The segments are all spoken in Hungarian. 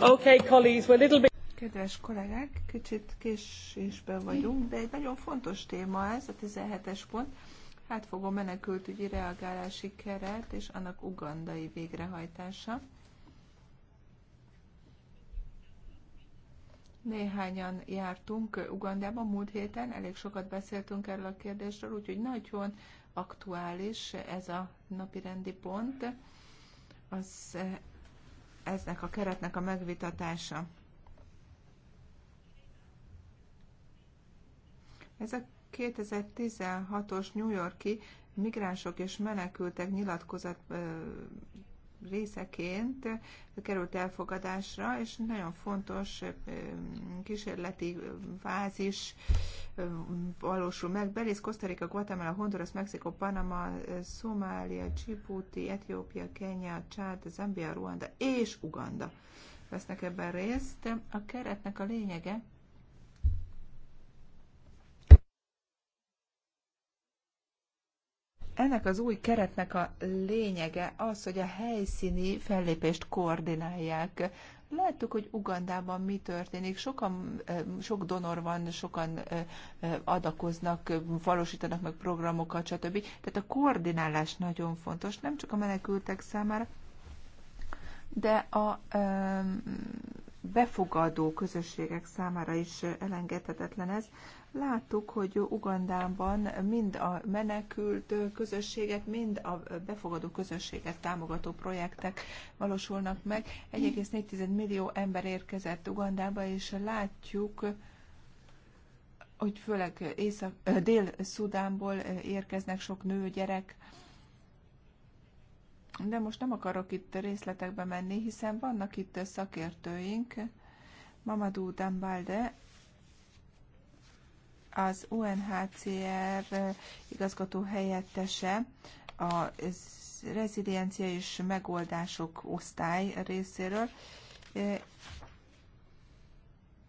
Okay, colleagues, we're a little bit... Kedves kollégák, kicsit késésben vagyunk, de egy nagyon fontos téma ez, a 17-es pont. Hát fogom menekültügyi reagálási keret és annak ugandai végrehajtása. Néhányan jártunk Ugandában múlt héten, elég sokat beszéltünk erről a kérdésről, úgyhogy nagyon aktuális ez a napirendi pont. Az eznek a keretnek a megvitatása. Ez a 2016-os New Yorki migránsok és menekültek nyilatkozat részeként került elfogadásra, és nagyon fontos kísérleti fázis valósul meg. Belize, Costa Guatemala, Honduras, Mexikó, Panama, Szomália, Djibouti, Etiópia, Kenya, Csád, Zambia, Ruanda és Uganda vesznek ebben részt. A keretnek a lényege, Ennek az új keretnek a lényege az, hogy a helyszíni fellépést koordinálják. Láttuk, hogy Ugandában mi történik. Sokan, sok donor van, sokan adakoznak, valósítanak meg programokat, stb. Tehát a koordinálás nagyon fontos, nem csak a menekültek számára, de a befogadó közösségek számára is elengedhetetlen ez. Láttuk, hogy Ugandában mind a menekült közösséget, mind a befogadó közösséget támogató projektek valósulnak meg. 1,4 millió ember érkezett Ugandába, és látjuk, hogy főleg Észak, Dél-Szudánból érkeznek sok nő, gyerek, de most nem akarok itt részletekbe menni, hiszen vannak itt szakértőink, Mamadou Dambalde, az UNHCR igazgató helyettese, a reziliencia és megoldások osztály részéről,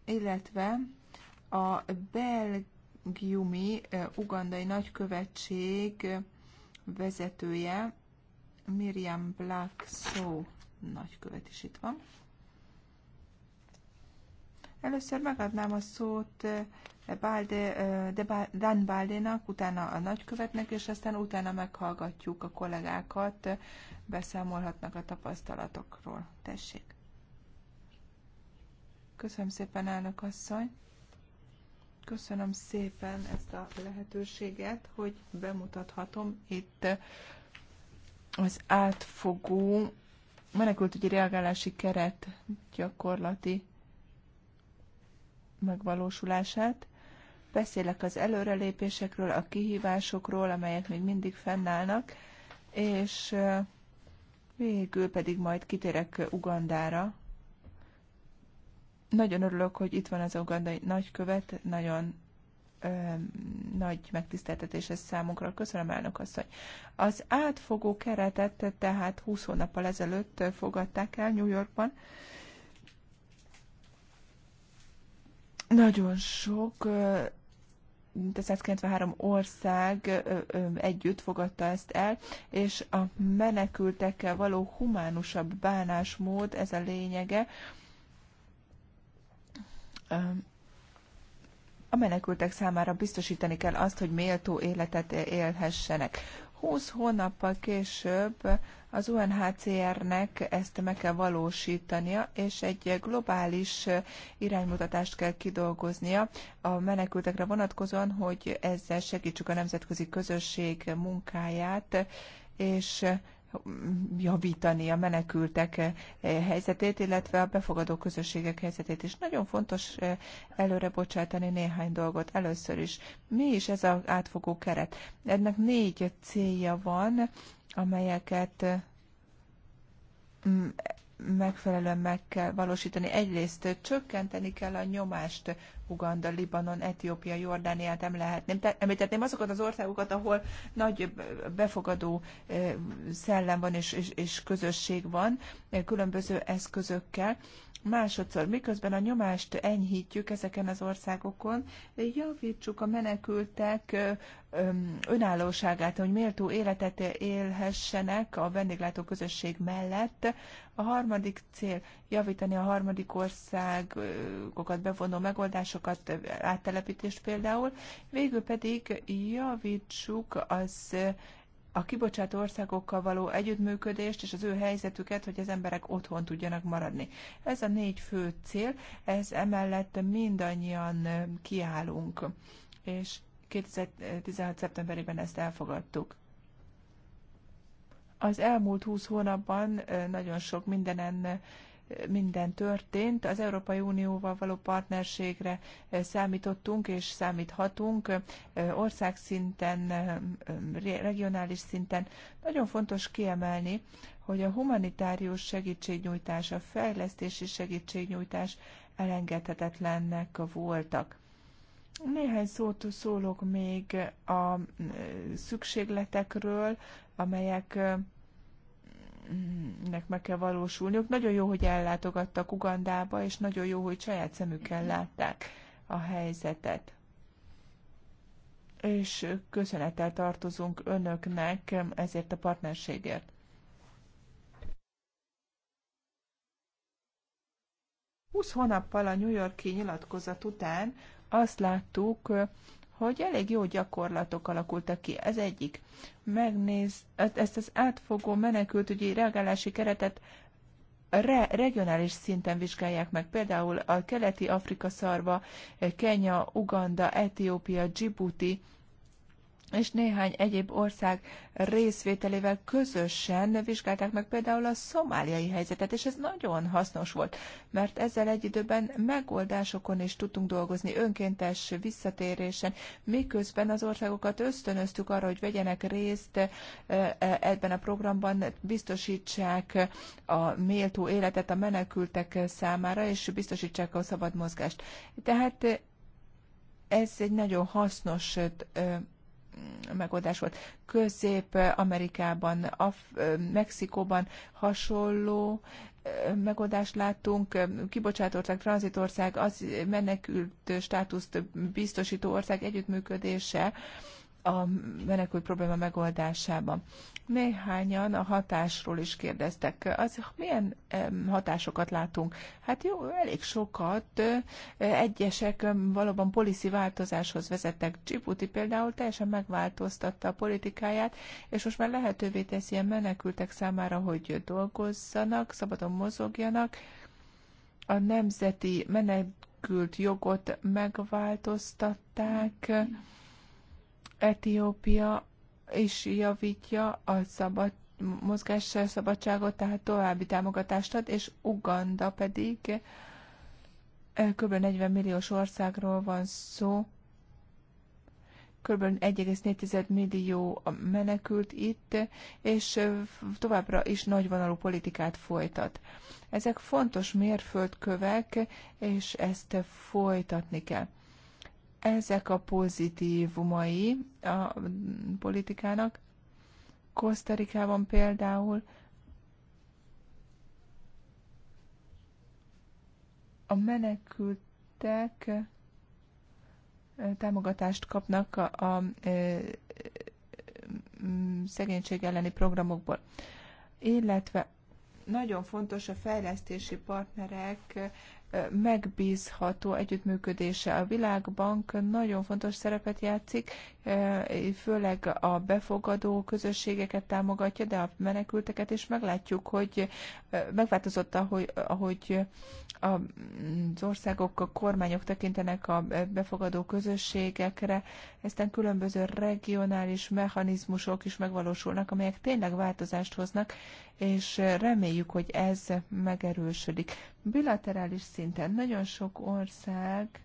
illetve a belgiumi ugandai nagykövetség vezetője, Miriam Black Szó nagykövet is itt van. Először megadnám a szót Balde, de Dan Baldénak, utána a nagykövetnek, és aztán utána meghallgatjuk a kollégákat, beszámolhatnak a tapasztalatokról. Tessék! Köszönöm szépen, elnök asszony! Köszönöm szépen ezt a lehetőséget, hogy bemutathatom itt az átfogó menekültügyi reagálási keret gyakorlati megvalósulását. Beszélek az előrelépésekről, a kihívásokról, amelyek még mindig fennállnak, és végül pedig majd kitérek Ugandára. Nagyon örülök, hogy itt van az ugandai nagykövet, nagyon ö, nagy megtiszteltetés ez számunkra. Köszönöm, elnök asszony. Az átfogó keretet tehát 20 hónappal ezelőtt fogadták el New Yorkban. Nagyon sok ö, 193 ország együtt fogadta ezt el, és a menekültekkel való humánusabb bánásmód, ez a lényege. A menekültek számára biztosítani kell azt, hogy méltó életet élhessenek. 20 hónappal később az UNHCR-nek ezt meg kell valósítania, és egy globális iránymutatást kell kidolgoznia a menekültekre vonatkozóan, hogy ezzel segítsük a nemzetközi közösség munkáját, és javítani a menekültek eh, helyzetét, illetve a befogadó közösségek helyzetét is. Nagyon fontos eh, előre bocsátani néhány dolgot. Először is, mi is ez az átfogó keret? Ennek négy célja van, amelyeket mm, megfelelően meg kell valósítani. Egyrészt csökkenteni kell a nyomást Uganda, Libanon, Etiópia, Jordániát nem lehetném. Említetném azokat az országokat, ahol nagy befogadó szellem van és, és, és közösség van különböző eszközökkel. Másodszor, miközben a nyomást enyhítjük ezeken az országokon, javítsuk a menekültek önállóságát, hogy méltó életet élhessenek a vendéglátó közösség mellett. A harmadik cél javítani a harmadik országokat bevonó megoldásokat, áttelepítést például. Végül pedig javítsuk az a kibocsátó országokkal való együttműködést és az ő helyzetüket, hogy az emberek otthon tudjanak maradni. Ez a négy fő cél, ez emellett mindannyian kiállunk, és 2016. szeptemberében ezt elfogadtuk. Az elmúlt 20 hónapban nagyon sok mindenen minden történt. Az Európai Unióval való partnerségre számítottunk és számíthatunk országszinten, regionális szinten. Nagyon fontos kiemelni, hogy a humanitárius segítségnyújtás, a fejlesztési segítségnyújtás elengedhetetlennek voltak. Néhány szót szólok még a szükségletekről, amelyek nek meg kell valósulniuk. Nagyon jó, hogy ellátogattak Ugandába, és nagyon jó, hogy saját szemükkel látták a helyzetet. És köszönettel tartozunk önöknek ezért a partnerségért. Húsz hónappal a New Yorki nyilatkozat után azt láttuk, hogy elég jó gyakorlatok alakultak ki. Ez egyik. Megnéz, ezt az átfogó menekültügyi reagálási keretet re, regionális szinten vizsgálják meg. Például a keleti Afrika szarva, Kenya, Uganda, Etiópia, Djibouti, és néhány egyéb ország részvételével közösen vizsgálták meg például a szomáliai helyzetet, és ez nagyon hasznos volt, mert ezzel egy időben megoldásokon is tudtunk dolgozni, önkéntes visszatérésen, miközben az országokat ösztönöztük arra, hogy vegyenek részt e, e, ebben a programban, biztosítsák a méltó életet a menekültek számára, és biztosítsák a szabad mozgást. Tehát ez egy nagyon hasznos e, megoldás volt. Közép-Amerikában, Mexikóban hasonló megoldást láttunk. Kibocsátország, tranzitország, az menekült státuszt biztosító ország együttműködése a menekült probléma megoldásában. Néhányan a hatásról is kérdeztek. Az, milyen hatásokat látunk? Hát jó, elég sokat. Egyesek valóban policy változáshoz vezettek. Djibouti például teljesen megváltoztatta a politikáját, és most már lehetővé teszi a menekültek számára, hogy dolgozzanak, szabadon mozogjanak. A nemzeti menekült jogot megváltoztatták. Mm Etiópia is javítja a szabad, mozgás szabadságot, tehát további támogatást ad, és Uganda pedig eh, kb. 40 milliós országról van szó, kb. 1,4 millió menekült itt, és eh, továbbra is nagyvonalú politikát folytat. Ezek fontos mérföldkövek, és ezt folytatni kell. Ezek a pozitívumai a politikának. Kosztarikában például a menekültek támogatást kapnak a, a szegénység elleni programokból. Illetve nagyon fontos a fejlesztési partnerek megbízható együttműködése. A Világbank nagyon fontos szerepet játszik, e, főleg a befogadó közösségeket támogatja, de a menekülteket is meglátjuk, hogy e, megváltozott, ahogy, ahogy az országok, a kormányok tekintenek a befogadó közösségekre, eztán különböző regionális mechanizmusok is megvalósulnak, amelyek tényleg változást hoznak, és reméljük, hogy ez megerősödik. Bilaterális szint szinten. Nagyon sok ország,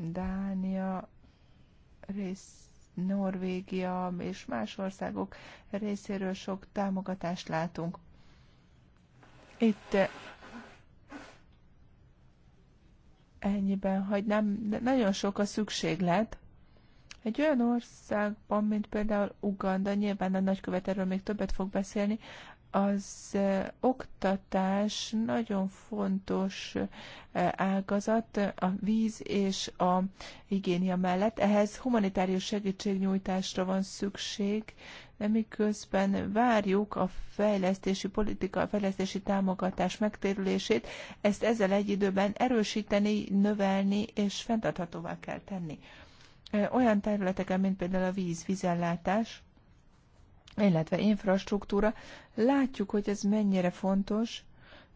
Dánia, rész, Norvégia és más országok részéről sok támogatást látunk. Itt eh, ennyiben hogy nem nagyon sok a szükséglet. Egy olyan országban, mint például Uganda, nyilván a nagykövet erről még többet fog beszélni, az oktatás nagyon fontos ágazat a víz és a higiénia mellett. Ehhez humanitárius segítségnyújtásra van szükség, de miközben várjuk a fejlesztési politika, a fejlesztési támogatás megtérülését, ezt ezzel egy időben erősíteni, növelni és fenntarthatóvá kell tenni. Olyan területeken, mint például a víz, vízellátás, illetve infrastruktúra. Látjuk, hogy ez mennyire fontos,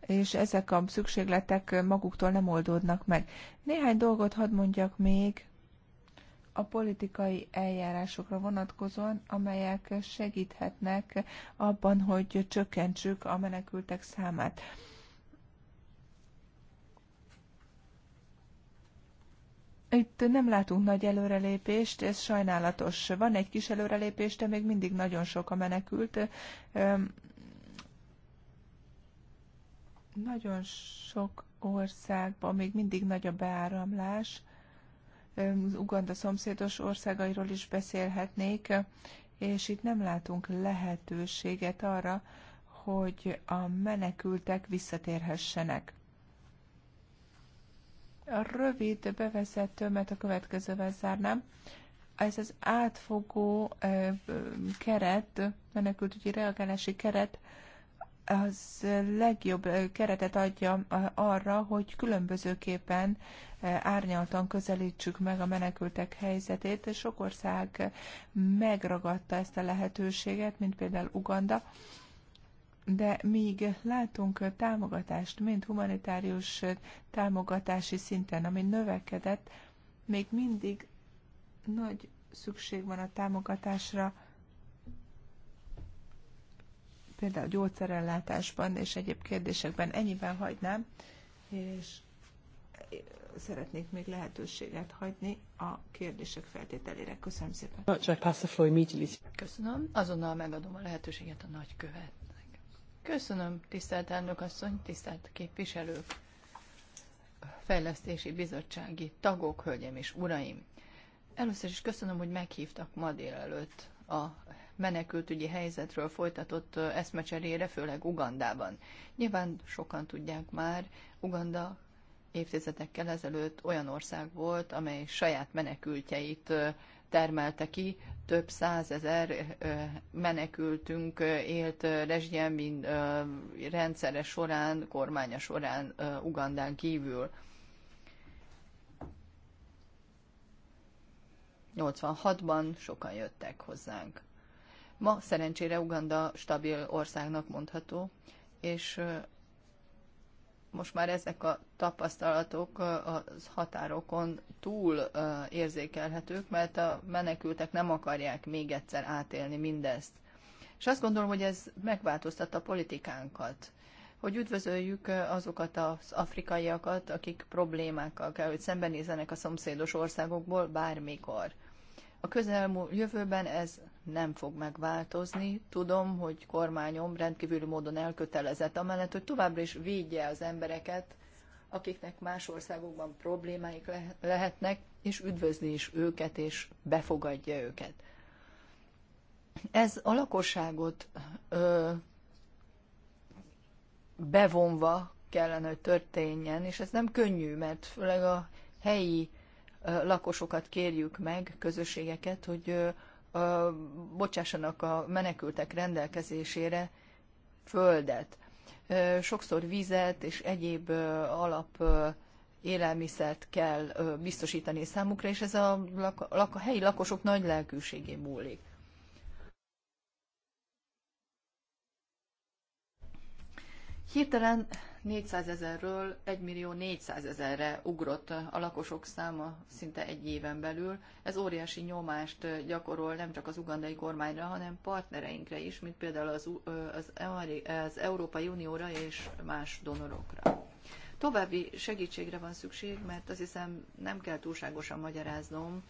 és ezek a szükségletek maguktól nem oldódnak meg. Néhány dolgot hadd mondjak még a politikai eljárásokra vonatkozóan, amelyek segíthetnek abban, hogy csökkentsük a menekültek számát. Itt nem látunk nagy előrelépést, ez sajnálatos. Van egy kis előrelépés, de még mindig nagyon sok a menekült. Nagyon sok országban még mindig nagy a beáramlás. Uganda szomszédos országairól is beszélhetnék, és itt nem látunk lehetőséget arra, hogy a menekültek visszatérhessenek. A rövid bevezetőmet a következővel zárnám. Ez az átfogó keret, menekültügyi reagálási keret, az legjobb keretet adja arra, hogy különbözőképpen árnyaltan közelítsük meg a menekültek helyzetét, és sok ország megragadta ezt a lehetőséget, mint például Uganda, de míg látunk támogatást, mint humanitárius támogatási szinten, ami növekedett, még mindig nagy szükség van a támogatásra, például a gyógyszerellátásban és egyéb kérdésekben. Ennyiben hagynám, és szeretnék még lehetőséget hagyni a kérdések feltételére. Köszönöm szépen. Köszönöm. Azonnal megadom a lehetőséget a nagykövet Köszönöm, tisztelt elnök asszony, tisztelt képviselők, fejlesztési bizottsági tagok, hölgyem és uraim. Először is köszönöm, hogy meghívtak ma délelőtt a menekültügyi helyzetről folytatott eszmecserére, főleg Ugandában. Nyilván sokan tudják már, Uganda évtizedekkel ezelőtt olyan ország volt, amely saját menekültjeit termelte ki, több százezer menekültünk élt rezsgyen, mint rendszere során, kormánya során Ugandán kívül. 86-ban sokan jöttek hozzánk. Ma szerencsére Uganda stabil országnak mondható, és most már ezek a tapasztalatok a határokon túl érzékelhetők, mert a menekültek nem akarják még egyszer átélni mindezt. És azt gondolom, hogy ez megváltoztatta a politikánkat, hogy üdvözöljük azokat az afrikaiakat, akik problémákkal kell, hogy szembenézenek a szomszédos országokból bármikor. A jövőben ez nem fog megváltozni. Tudom, hogy kormányom rendkívüli módon elkötelezett amellett, hogy továbbra is védje az embereket, akiknek más országokban problémáik lehetnek, és üdvözli is őket, és befogadja őket. Ez a lakosságot ö, bevonva kellene, hogy történjen, és ez nem könnyű, mert főleg a helyi ö, lakosokat kérjük meg, közösségeket, hogy ö, bocsássanak a menekültek rendelkezésére földet. Sokszor vizet és egyéb alap élelmiszert kell biztosítani számukra, és ez a, lak- lak- a helyi lakosok nagy lelkűségén múlik. Hirtelen 400 ezerről 1 millió 400 ezerre ugrott a lakosok száma szinte egy éven belül. Ez óriási nyomást gyakorol nem csak az ugandai kormányra, hanem partnereinkre is, mint például az, az, az Európai Unióra és más donorokra. További segítségre van szükség, mert azt hiszem nem kell túlságosan magyaráznom,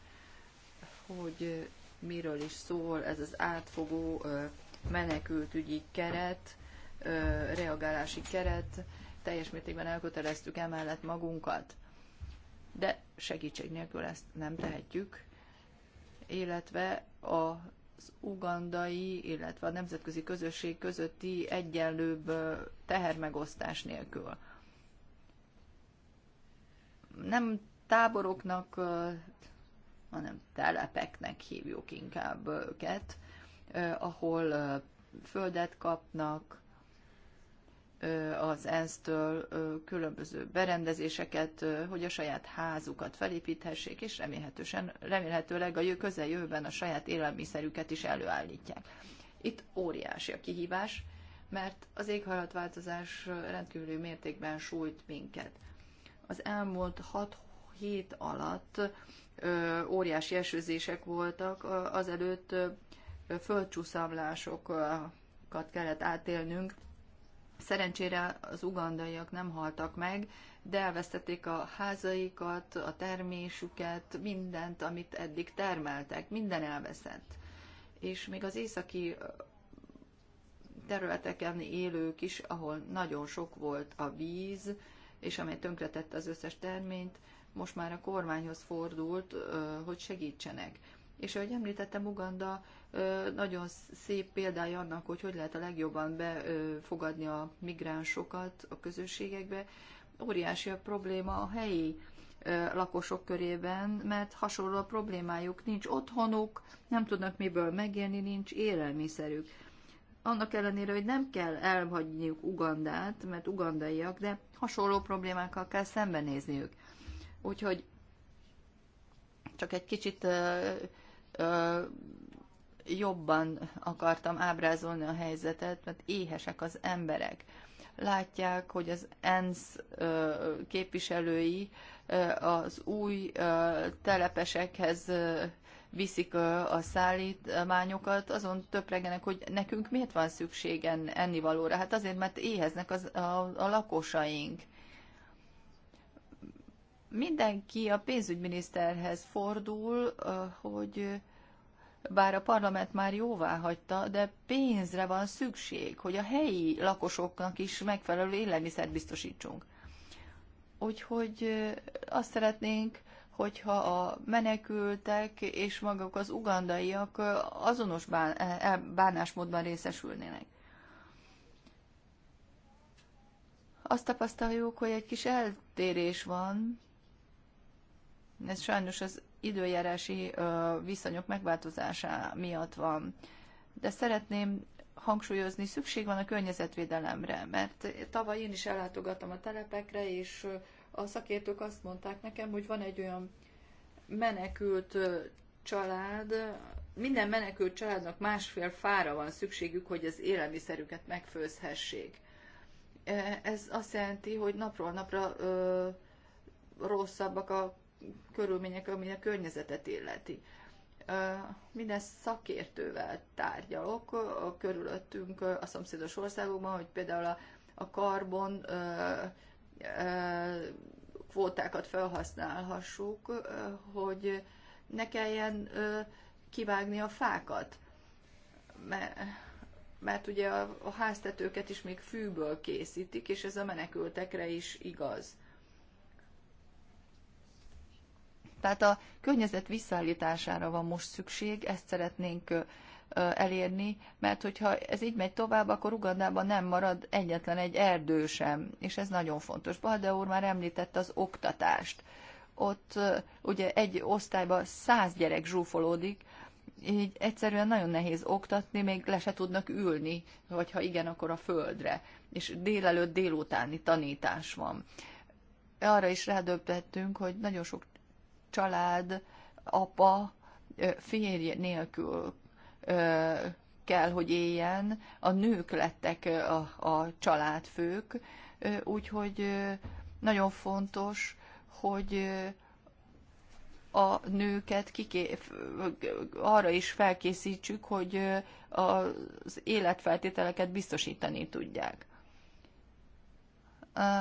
hogy miről is szól ez az átfogó menekültügyi keret, reagálási keret, teljes mértékben elköteleztük emellett magunkat. De segítség nélkül ezt nem tehetjük, illetve az ugandai, illetve a nemzetközi közösség közötti egyenlőbb tehermegosztás nélkül. Nem táboroknak, hanem telepeknek hívjuk inkább őket, ahol földet kapnak, az ENSZ-től különböző berendezéseket, hogy a saját házukat felépíthessék, és remélhetősen, remélhetőleg a közeljövőben a saját élelmiszerüket is előállítják. Itt óriási a kihívás, mert az éghajlatváltozás rendkívüli mértékben sújt minket. Az elmúlt hat hét alatt ö, óriási esőzések voltak, azelőtt földcsúszamlásokat kellett átélnünk, Szerencsére az ugandaiak nem haltak meg, de elvesztették a házaikat, a termésüket, mindent, amit eddig termeltek, minden elveszett. És még az északi területeken élők is, ahol nagyon sok volt a víz, és amely tönkretette az összes terményt, most már a kormányhoz fordult, hogy segítsenek és ahogy említettem, Uganda nagyon szép példája annak, hogy hogy lehet a legjobban befogadni a migránsokat a közösségekbe. Óriási a probléma a helyi lakosok körében, mert hasonló a problémájuk, nincs otthonuk, nem tudnak miből megélni, nincs élelmiszerük. Annak ellenére, hogy nem kell elhagyniuk Ugandát, mert ugandaiak, de hasonló problémákkal kell szembenézniük. Úgyhogy csak egy kicsit jobban akartam ábrázolni a helyzetet, mert éhesek az emberek. Látják, hogy az ENSZ képviselői az új telepesekhez viszik a szállítmányokat, azon töpregenek, hogy nekünk miért van szükségen ennivalóra. Hát azért, mert éheznek az, a, a lakosaink. Mindenki a pénzügyminiszterhez fordul, hogy bár a parlament már jóvá hagyta, de pénzre van szükség, hogy a helyi lakosoknak is megfelelő élelmiszert biztosítsunk. Úgyhogy azt szeretnénk, hogyha a menekültek és maguk az ugandaiak azonos e, e, bánásmódban részesülnének. Azt tapasztaljuk, hogy egy kis eltérés van ez sajnos az időjárási viszonyok megváltozása miatt van. De szeretném hangsúlyozni, szükség van a környezetvédelemre, mert tavaly én is ellátogattam a telepekre, és a szakértők azt mondták nekem, hogy van egy olyan menekült család, minden menekült családnak másfél fára van szükségük, hogy az élelmiszerüket megfőzhessék. Ez azt jelenti, hogy napról napra ö, rosszabbak a körülmények, ami a környezetet illeti. Minden szakértővel tárgyalok a körülöttünk a szomszédos országokban, hogy például a, a karbon kvótákat felhasználhassuk, hogy ne kelljen kivágni a fákat. Mert, mert ugye a, a háztetőket is még fűből készítik, és ez a menekültekre is igaz. Tehát a környezet visszaállítására van most szükség, ezt szeretnénk elérni, mert hogyha ez így megy tovább, akkor Ugandában nem marad egyetlen egy erdő sem, és ez nagyon fontos. Balde úr már említette az oktatást. Ott ugye egy osztályban száz gyerek zsúfolódik, így egyszerűen nagyon nehéz oktatni, még le se tudnak ülni, vagy ha igen, akkor a földre. És délelőtt délutáni tanítás van. Arra is rádöbbettünk, hogy nagyon sok család, apa, férj nélkül kell, hogy éljen. A nők lettek a, a családfők, úgyhogy nagyon fontos, hogy a nőket kiké... arra is felkészítsük, hogy az életfeltételeket biztosítani tudják.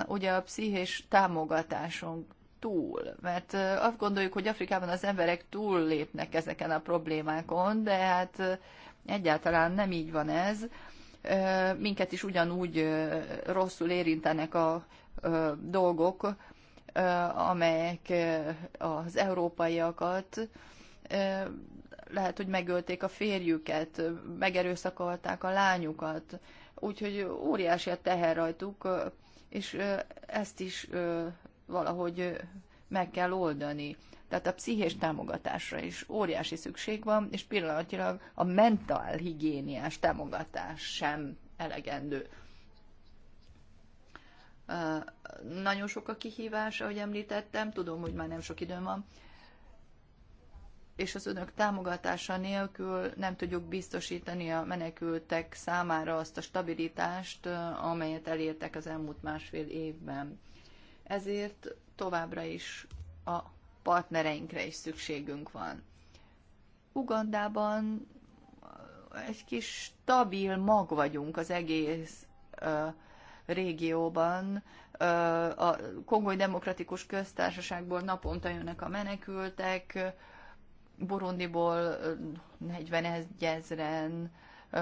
Ugye a pszichés támogatáson túl. Mert azt gondoljuk, hogy Afrikában az emberek túl lépnek ezeken a problémákon, de hát egyáltalán nem így van ez. Minket is ugyanúgy rosszul érintenek a dolgok, amelyek az európaiakat lehet, hogy megölték a férjüket, megerőszakolták a lányukat, úgyhogy óriási a teher rajtuk, és ezt is valahogy meg kell oldani. Tehát a pszichés támogatásra is óriási szükség van, és pillanatilag a mentál higiéniás támogatás sem elegendő. Nagyon sok a kihívás, ahogy említettem, tudom, hogy már nem sok időm van, és az önök támogatása nélkül nem tudjuk biztosítani a menekültek számára azt a stabilitást, amelyet elértek az elmúlt másfél évben ezért továbbra is a partnereinkre is szükségünk van. Ugandában egy kis stabil mag vagyunk az egész ö, régióban. Ö, a Kongói Demokratikus Köztársaságból naponta jönnek a menekültek, Burundiból 41 ezeren,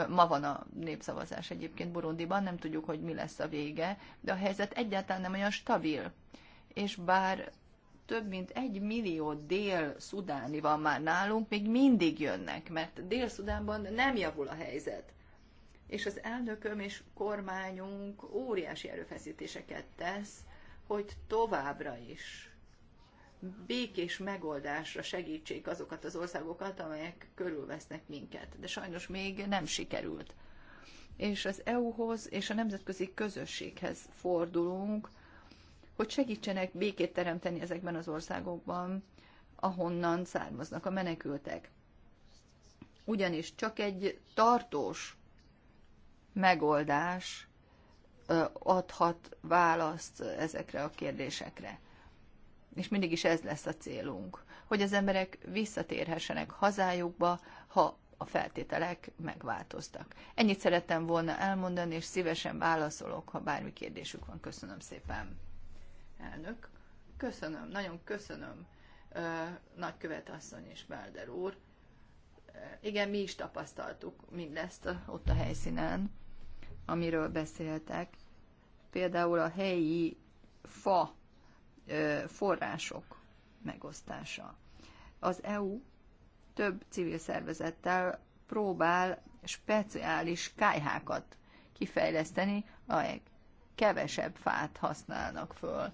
Ma van a népszavazás egyébként Burundiban, nem tudjuk, hogy mi lesz a vége, de a helyzet egyáltalán nem olyan stabil. És bár több mint egy millió dél-szudáni van már nálunk, még mindig jönnek, mert Dél-Szudánban nem javul a helyzet. És az elnököm és kormányunk óriási erőfeszítéseket tesz, hogy továbbra is békés megoldásra segítsék azokat az országokat, amelyek körülvesznek minket. De sajnos még nem sikerült. És az EU-hoz és a nemzetközi közösséghez fordulunk, hogy segítsenek békét teremteni ezekben az országokban, ahonnan származnak a menekültek. Ugyanis csak egy tartós megoldás adhat választ ezekre a kérdésekre és mindig is ez lesz a célunk, hogy az emberek visszatérhessenek hazájukba, ha a feltételek megváltoztak. Ennyit szerettem volna elmondani, és szívesen válaszolok, ha bármi kérdésük van. Köszönöm szépen, elnök. Köszönöm, nagyon köszönöm, nagykövet asszony és Belder úr. Igen, mi is tapasztaltuk mindezt ott a helyszínen, amiről beszéltek. Például a helyi fa források megosztása. Az EU több civil szervezettel próbál speciális kájhákat kifejleszteni, amelyek kevesebb fát használnak föl.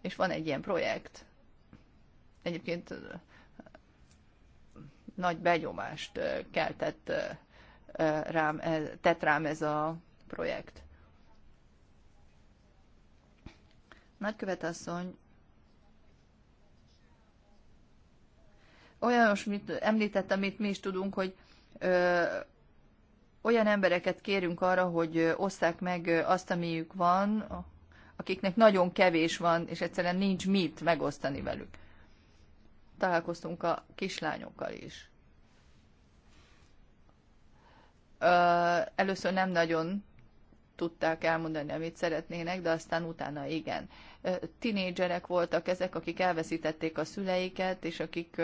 És van egy ilyen projekt. Egyébként nagy begyomást keltett rám, e, tett rám ez a projekt. Nagykövet asszony olyasmit említett, amit mi is tudunk, hogy ö, olyan embereket kérünk arra, hogy osszák meg azt, amiük van, akiknek nagyon kevés van, és egyszerűen nincs mit megosztani velük. Találkoztunk a kislányokkal is. Ö, először nem nagyon tudták elmondani, amit szeretnének, de aztán utána igen. Tinédzserek voltak ezek, akik elveszítették a szüleiket, és akik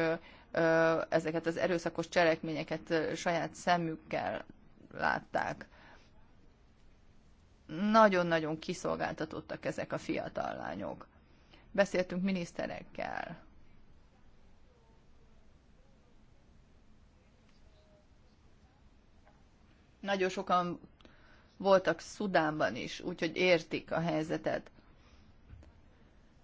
ezeket az erőszakos cselekményeket saját szemükkel látták. Nagyon-nagyon kiszolgáltatottak ezek a fiatal lányok. Beszéltünk miniszterekkel, nagyon sokan voltak Szudánban is, úgyhogy értik a helyzetet.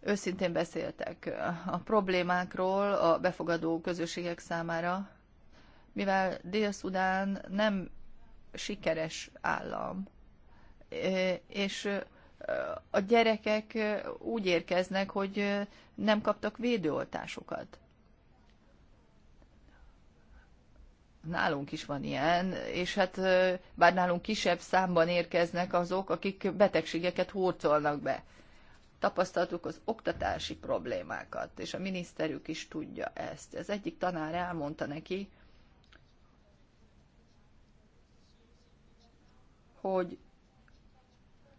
Őszintén beszéltek uh, a problémákról a befogadó közösségek számára, mivel Dél-Szudán nem sikeres állam, uh, és uh, a gyerekek úgy érkeznek, hogy nem kaptak védőoltásokat. nálunk is van ilyen, és hát bár nálunk kisebb számban érkeznek azok, akik betegségeket hurcolnak be. Tapasztaltuk az oktatási problémákat, és a miniszterük is tudja ezt. Az egyik tanár elmondta neki, hogy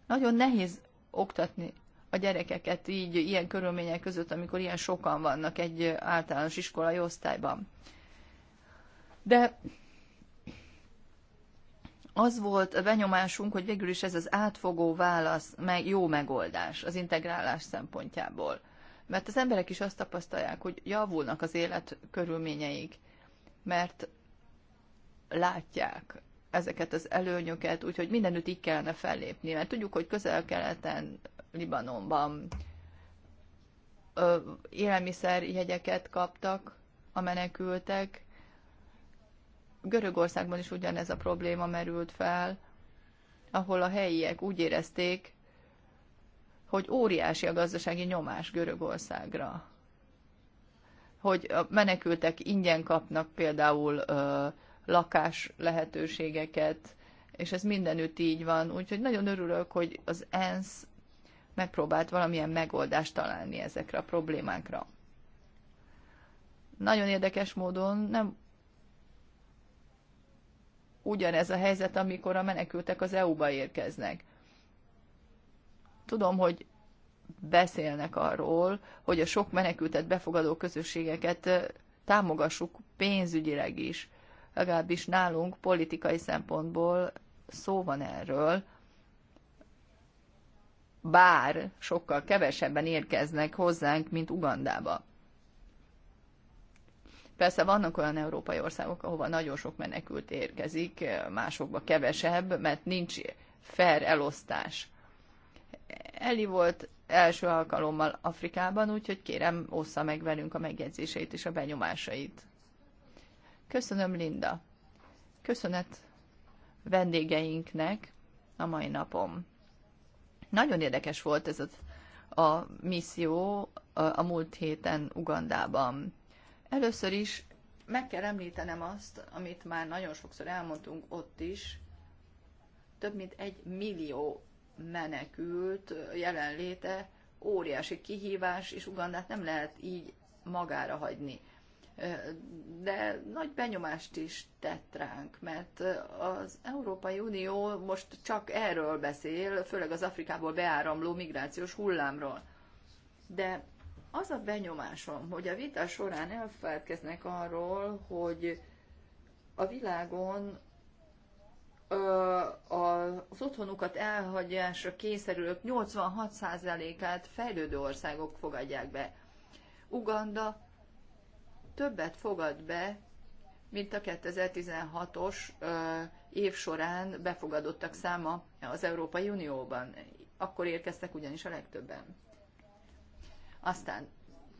nagyon nehéz oktatni a gyerekeket így ilyen körülmények között, amikor ilyen sokan vannak egy általános iskolai osztályban de az volt a benyomásunk, hogy végül is ez az átfogó válasz meg jó megoldás az integrálás szempontjából. Mert az emberek is azt tapasztalják, hogy javulnak az élet körülményeik, mert látják ezeket az előnyöket, úgyhogy mindenütt így kellene fellépni. Mert tudjuk, hogy közel-keleten, Libanonban élelmiszerjegyeket kaptak a menekültek, Görögországban is ugyanez a probléma merült fel, ahol a helyiek úgy érezték, hogy óriási a gazdasági nyomás Görögországra. Hogy a menekültek ingyen kapnak például ö, lakás lehetőségeket, és ez mindenütt így van. Úgyhogy nagyon örülök, hogy az ENSZ megpróbált valamilyen megoldást találni ezekre a problémákra. Nagyon érdekes módon nem ugyanez a helyzet, amikor a menekültek az EU-ba érkeznek. Tudom, hogy beszélnek arról, hogy a sok menekültet befogadó közösségeket támogassuk pénzügyileg is. Legalábbis nálunk politikai szempontból szó van erről, bár sokkal kevesebben érkeznek hozzánk, mint Ugandába. Persze vannak olyan európai országok, ahova nagyon sok menekült érkezik, másokba kevesebb, mert nincs fair elosztás. Eli volt első alkalommal Afrikában, úgyhogy kérem, ossza meg velünk a megjegyzéseit és a benyomásait. Köszönöm, Linda. Köszönet vendégeinknek a mai napom. Nagyon érdekes volt ez a, a misszió a, a múlt héten Ugandában. Először is meg kell említenem azt, amit már nagyon sokszor elmondtunk ott is, több mint egy millió menekült jelenléte óriási kihívás, és Ugandát nem lehet így magára hagyni. De nagy benyomást is tett ránk, mert az Európai Unió most csak erről beszél, főleg az Afrikából beáramló migrációs hullámról. De az a benyomásom, hogy a vita során elfelelkeznek arról, hogy a világon az otthonukat elhagyásra kényszerülők 86%-át fejlődő országok fogadják be. Uganda többet fogad be, mint a 2016-os év során befogadottak száma az Európai Unióban. Akkor érkeztek ugyanis a legtöbben. Aztán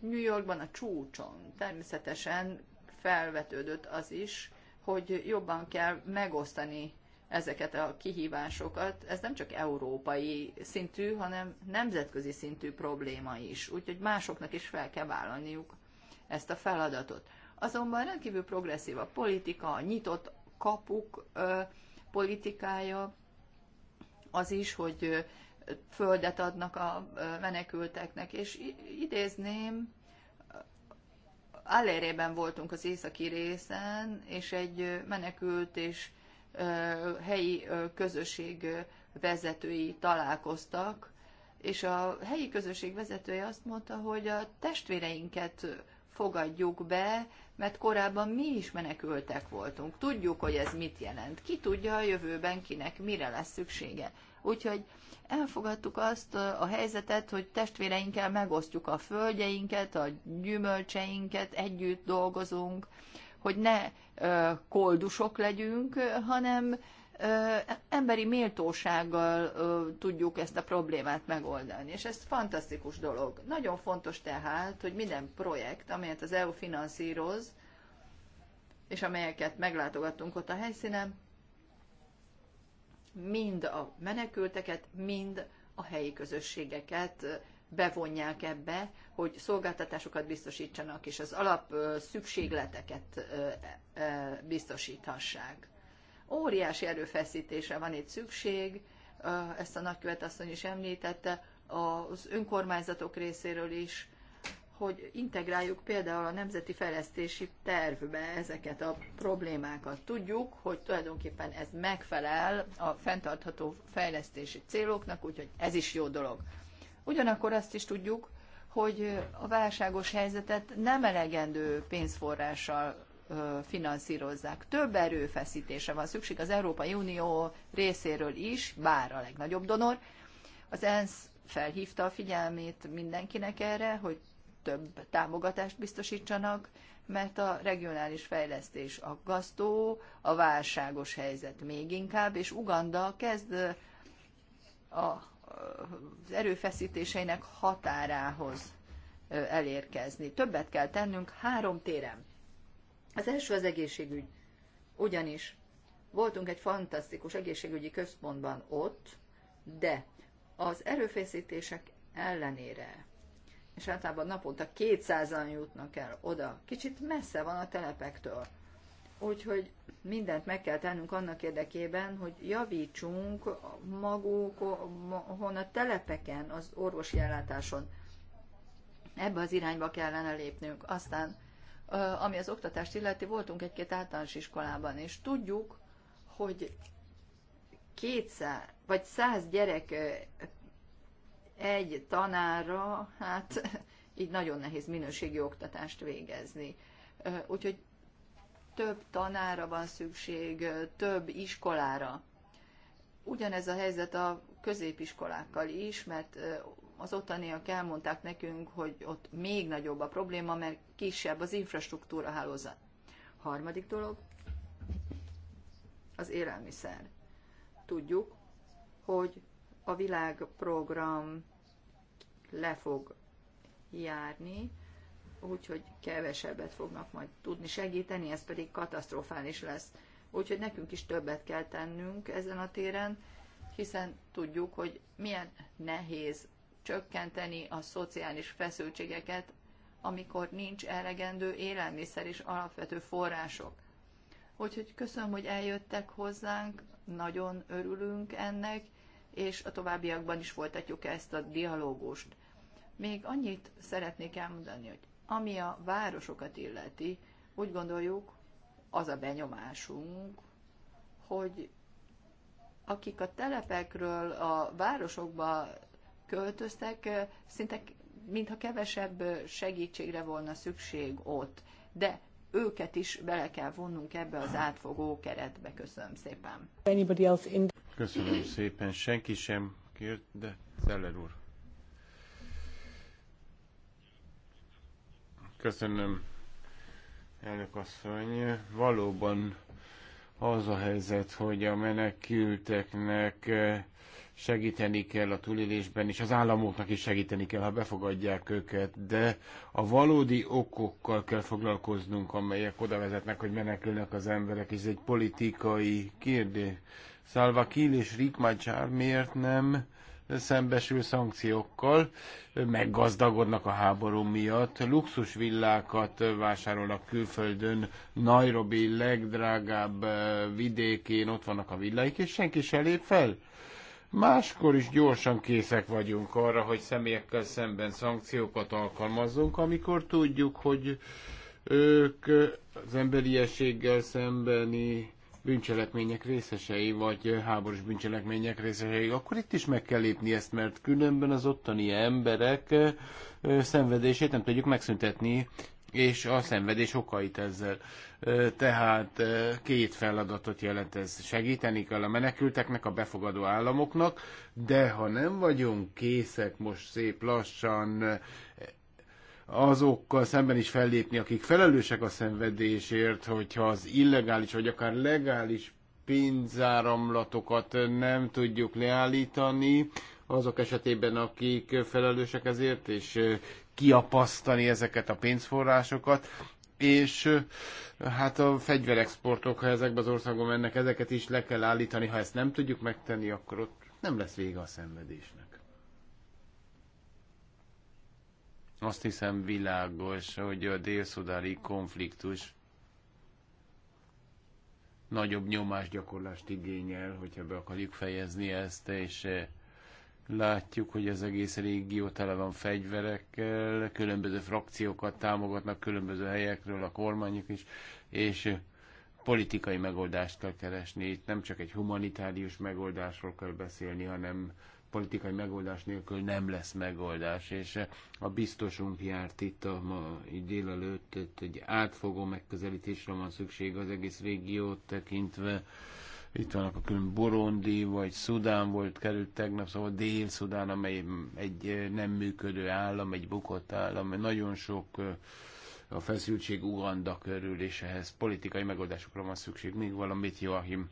New Yorkban a csúcson természetesen felvetődött az is, hogy jobban kell megosztani ezeket a kihívásokat. Ez nem csak európai szintű, hanem nemzetközi szintű probléma is. Úgyhogy másoknak is fel kell vállalniuk ezt a feladatot. Azonban rendkívül progresszív a politika, a nyitott kapuk ö, politikája, az is, hogy földet adnak a menekülteknek. És idézném, Allérében voltunk az északi részen, és egy menekült és helyi közösség vezetői találkoztak, és a helyi közösség vezetője azt mondta, hogy a testvéreinket fogadjuk be, mert korábban mi is menekültek voltunk. Tudjuk, hogy ez mit jelent. Ki tudja a jövőben, kinek mire lesz szüksége. Úgyhogy elfogadtuk azt a helyzetet, hogy testvéreinkkel megosztjuk a földjeinket, a gyümölcseinket, együtt dolgozunk, hogy ne koldusok legyünk, hanem emberi méltósággal tudjuk ezt a problémát megoldani. És ez fantasztikus dolog. Nagyon fontos tehát, hogy minden projekt, amelyet az EU finanszíroz, és amelyeket meglátogattunk ott a helyszínen, mind a menekülteket, mind a helyi közösségeket bevonják ebbe, hogy szolgáltatásokat biztosítsanak, és az alap szükségleteket biztosíthassák. Óriási erőfeszítésre van itt szükség, ezt a nagykövet asszony is említette, az önkormányzatok részéről is, hogy integráljuk például a nemzeti fejlesztési tervbe ezeket a problémákat. Tudjuk, hogy tulajdonképpen ez megfelel a fenntartható fejlesztési céloknak, úgyhogy ez is jó dolog. Ugyanakkor azt is tudjuk, hogy a válságos helyzetet nem elegendő pénzforrással finanszírozzák. Több erőfeszítése van szükség az Európai Unió részéről is, bár a legnagyobb donor. Az ENSZ felhívta a figyelmét mindenkinek erre, hogy több támogatást biztosítsanak, mert a regionális fejlesztés aggasztó, a válságos helyzet még inkább, és Uganda kezd a, az erőfeszítéseinek határához elérkezni. Többet kell tennünk három téren. Az első az egészségügy. Ugyanis voltunk egy fantasztikus egészségügyi központban ott, de az erőfeszítések ellenére és általában naponta 200-an jutnak el oda. Kicsit messze van a telepektől. Úgyhogy mindent meg kell tennünk annak érdekében, hogy javítsunk magukon a telepeken, az orvosi ellátáson. Ebbe az irányba kellene lépnünk. Aztán, ami az oktatást illeti, voltunk egy-két általános iskolában, és tudjuk, hogy 200 vagy 100 gyerek egy tanárra, hát így nagyon nehéz minőségi oktatást végezni. Úgyhogy több tanára van szükség, több iskolára. Ugyanez a helyzet a középiskolákkal is, mert az ottaniak elmondták nekünk, hogy ott még nagyobb a probléma, mert kisebb az infrastruktúra hálózat. Harmadik dolog, az élelmiszer. Tudjuk, hogy a világprogram le fog járni, úgyhogy kevesebbet fognak majd tudni segíteni, ez pedig katasztrofális lesz. Úgyhogy nekünk is többet kell tennünk ezen a téren, hiszen tudjuk, hogy milyen nehéz csökkenteni a szociális feszültségeket, amikor nincs elegendő élelmiszer és alapvető források. Úgyhogy köszönöm, hogy eljöttek hozzánk, nagyon örülünk ennek, és a továbbiakban is folytatjuk ezt a dialógust. Még annyit szeretnék elmondani, hogy ami a városokat illeti, úgy gondoljuk, az a benyomásunk, hogy akik a telepekről a városokba költöztek, szinte mintha kevesebb segítségre volna szükség ott. De őket is bele kell vonnunk ebbe az átfogó keretbe. Köszönöm szépen. Köszönöm szépen. Senki sem kért, de Zeller úr. Köszönöm, elnök asszony. Valóban az a helyzet, hogy a menekülteknek eh, segíteni kell a túlélésben, és az államoknak is segíteni kell, ha befogadják őket, de a valódi okokkal kell foglalkoznunk, amelyek oda vezetnek, hogy menekülnek az emberek, és ez egy politikai kérdés. Salva Kiel és Rick Machar miért nem szembesül szankciókkal, meggazdagodnak a háború miatt, luxusvillákat vásárolnak külföldön, Nairobi legdrágább eh, vidékén ott vannak a villáik, és senki se lép fel. Máskor is gyorsan készek vagyunk arra, hogy személyekkel szemben szankciókat alkalmazzunk, amikor tudjuk, hogy ők az emberiességgel szembeni bűncselekmények részesei, vagy háborús bűncselekmények részesei, akkor itt is meg kell lépni ezt, mert különben az ottani emberek szenvedését nem tudjuk megszüntetni, és a szenvedés okait ezzel. Tehát két feladatot jelent ez. Segíteni kell a menekülteknek, a befogadó államoknak, de ha nem vagyunk készek most szép lassan azokkal szemben is fellépni, akik felelősek a szenvedésért, hogyha az illegális vagy akár legális pénzáramlatokat nem tudjuk leállítani, azok esetében, akik felelősek ezért, és kiapasztani ezeket a pénzforrásokat, és hát a fegyverexportok, ha ezekbe az országokba mennek, ezeket is le kell állítani. Ha ezt nem tudjuk megtenni, akkor ott nem lesz vége a szenvedésnek. Azt hiszem világos, hogy a délszudári konfliktus nagyobb nyomásgyakorlást igényel, hogyha be akarjuk fejezni ezt, és eh, látjuk, hogy az egész régió tele van fegyverekkel, különböző frakciókat támogatnak különböző helyekről, a kormányok is, és eh, politikai megoldást kell keresni. Itt nem csak egy humanitárius megoldásról kell beszélni, hanem politikai megoldás nélkül nem lesz megoldás, és eh, a biztosunk járt itt a ma délelőtt, egy átfogó megközelítésre van szükség az egész régiót tekintve. Itt vannak a külön Burundi, vagy Szudán volt, került tegnap, szóval Dél-Szudán, amely egy eh, nem működő állam, egy bukott állam, nagyon sok eh, a feszültség Uganda körül, és ehhez politikai megoldásokra van szükség. Még valamit, Joachim?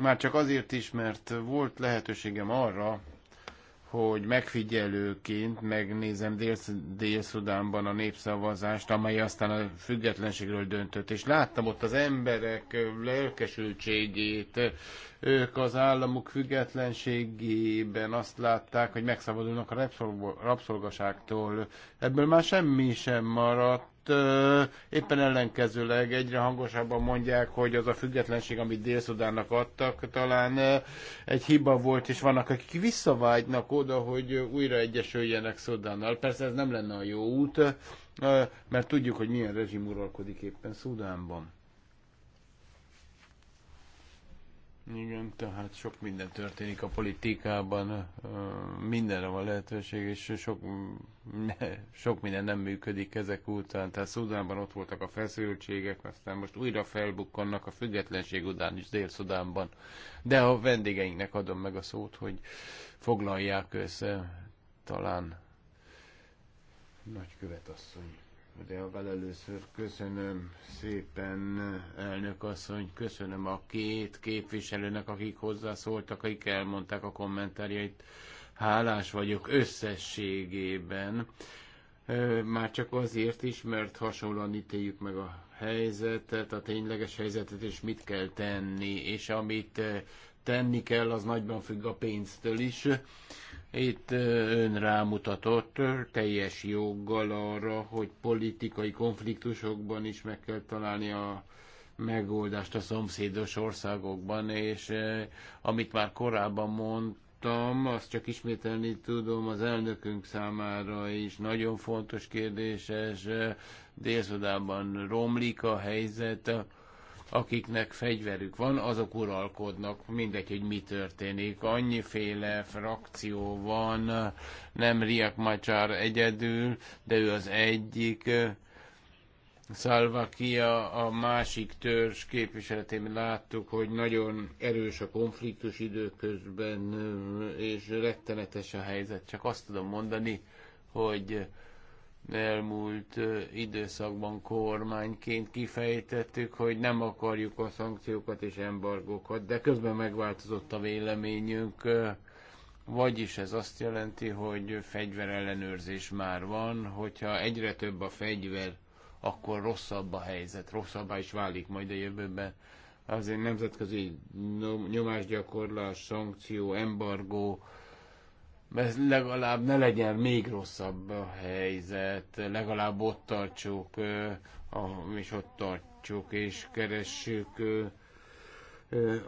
Már csak azért is, mert volt lehetőségem arra, hogy megfigyelőként megnézem Dél-Szudánban a népszavazást, amely aztán a függetlenségről döntött, és láttam ott az emberek lelkesültségét, ők az államuk függetlenségében azt látták, hogy megszabadulnak a rabszolgaságtól. Ebből már semmi sem maradt, éppen ellenkezőleg egyre hangosabban mondják, hogy az a függetlenség, amit Dél-Szudánnak adtak, talán egy hiba volt, és vannak, akik visszavágynak oda, hogy újra egyesüljenek Szudánnal. Persze ez nem lenne a jó út, mert tudjuk, hogy milyen rezsim uralkodik éppen Szudánban. Igen, tehát sok minden történik a politikában, mindenre van lehetőség, és sok, sok minden nem működik ezek után. Tehát Szudánban ott voltak a feszültségek, aztán most újra felbukkannak a függetlenség után is Dél-Szudánban. De a vendégeinknek adom meg a szót, hogy foglalják össze talán nagykövet asszony reagál először. Köszönöm szépen, elnök asszony, köszönöm a két képviselőnek, akik hozzászóltak, akik elmondták a kommentárjait. Hálás vagyok összességében. Már csak azért is, mert hasonlóan ítéljük meg a helyzetet, a tényleges helyzetet, és mit kell tenni, és amit tenni kell, az nagyban függ a pénztől is itt ön rámutatott teljes joggal arra, hogy politikai konfliktusokban is meg kell találni a megoldást a szomszédos országokban, és amit már korábban mondtam, azt csak ismételni tudom az elnökünk számára is. Nagyon fontos kérdés, és dél romlik a helyzet akiknek fegyverük van, azok uralkodnak, mindegy, hogy mi történik. Annyiféle frakció van, nem Riak Macsár egyedül, de ő az egyik. Szalvakia a másik törzs képviseletén láttuk, hogy nagyon erős a konfliktus időközben, és rettenetes a helyzet. Csak azt tudom mondani, hogy elmúlt időszakban kormányként kifejtettük, hogy nem akarjuk a szankciókat és embargókat, de közben megváltozott a véleményünk. Vagyis ez azt jelenti, hogy fegyverellenőrzés már van, hogyha egyre több a fegyver, akkor rosszabb a helyzet, rosszabbá is válik majd a jövőben. Azért nemzetközi nyomásgyakorlás, szankció, embargó, mert legalább ne legyen még rosszabb a helyzet, legalább ott tartsuk, és ott tartsuk, és keressük